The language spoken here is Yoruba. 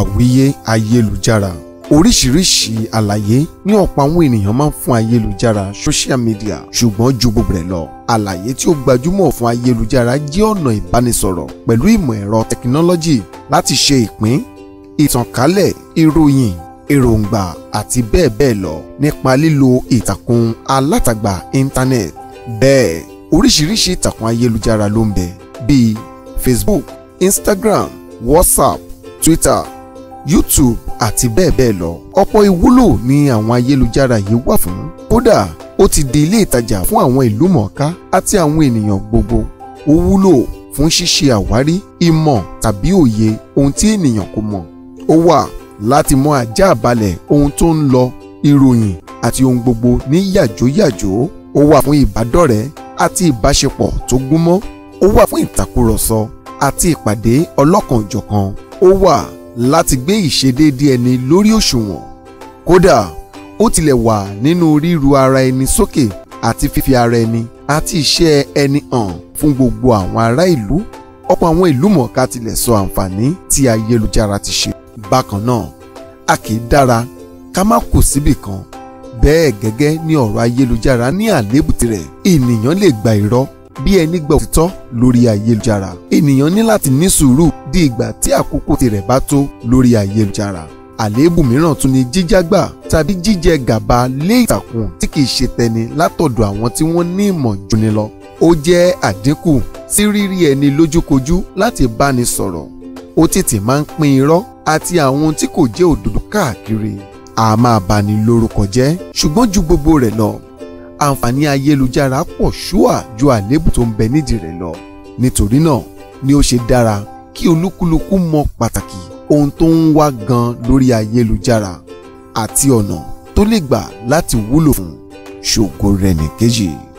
àwíyé ayélujára oríṣiríṣi àlàyé ní ọ̀pọ̀ àwọn ènìyàn máa ń fún ayélujára social media ṣùgbọ́n ju gbogbo rẹ̀ lọ àlàyé tí ó gbajúmọ̀ fún ayélujára jẹ́ ọ̀nà ìbánisọ̀rọ̀ pẹ̀lú ìmọ̀ ẹ̀rọ tẹkinọ́lọ́jì láti ṣe ìpín ìtànkálẹ̀ ìròyìn èròǹgbà àti bẹ́ẹ̀ bẹ́ẹ̀ lọ nípa lílo ìtàkùn alátagbà internet bẹ́ẹ̀ oríṣiríṣi ìtàkùn ayélujára ló ń bẹ bíi Facebook Instagram WhatsApp Twitter YouTube àti bẹ́ẹ̀ bẹ́ẹ̀ lọ ọ̀pọ̀ ìwúlò ni àwọn ayélujára yìí wà fún kódà ó ti di ilé ìtajà fún àwọn ìlú mọ̀ọ́ká àti àwọn ènìyàn gbogbo ó wúlò fún ṣíṣe àwárí ìmọ̀ tàbí òye ohun tí ènìyàn kò mọ̀ ó wà láti mọ àjá àbalẹ̀ ohun tó ń lọ ìròyìn àti ohun gbogbo ní yàjóyàjó ó wà fún ìbádọ́rẹ̀ẹ́ àti ìbáṣepọ̀ tó gúnmọ́ ó wà fún ìtàkùrọ̀sọ àti ìpàdé ọlọ́kanòjọ̀kan ó wà láti gbé ìṣedéédé ẹni lórí òṣùwọ̀n kódà ó tilẹ̀ wà nínú ríru ara ẹni sókè àti fífi ara ẹni àti iṣẹ́ ẹni hàn fún gbogbo àwọn ará ìlú ọ̀pọ̀ àwọn ìlú mọ̀ọ́ká tilẹ̀ sọ àǹfààní tí ayélujára ti ṣe. bákan náà a kì í dára ká má kù síbì kan bẹ́ẹ̀ gẹ́gẹ́ ni ọ̀rọ̀ ayélujára ní àléébù tirẹ̀ ènìyàn lè gba irọ́ bí ẹni gba òtítọ́ lórí ayélujára ènìyàn ní láti ní sùúrù di ìgbà tí àkókò tirẹ̀ bá tó lórí ayélujára àléébù mìíràn tún ni jíjágbà tàbí jíjẹ gàba lé ìtàkùn tí kìí ṣe tẹni látọ̀dọ̀ àwọn tí wọ́n ní ìmọ̀ jùni lọ ó jẹ́ àdínkù sí rírí ẹni lójúkojú láti báni sọ̀rọ̀ ó tètè máa ń pín irọ́ àti àwọn tí kò jẹ́ òdodo káàkiri a máa bani lórúkọ jẹ́ ṣùgbọ́n ju gbogbo rẹ̀ lọ àǹfààní ayélujára pọ̀ ṣúà ju àléébù tó ń bẹ nídìí rẹ̀ lọ nítorí náà ni ó ṣe dára kí olúkúlùkù mọ pàtàkì ohun tó ń wá gan lórí ayélujára àti ọ̀nà tó lè gbà láti wúlò fún ṣògo rẹ̀ nìkejì.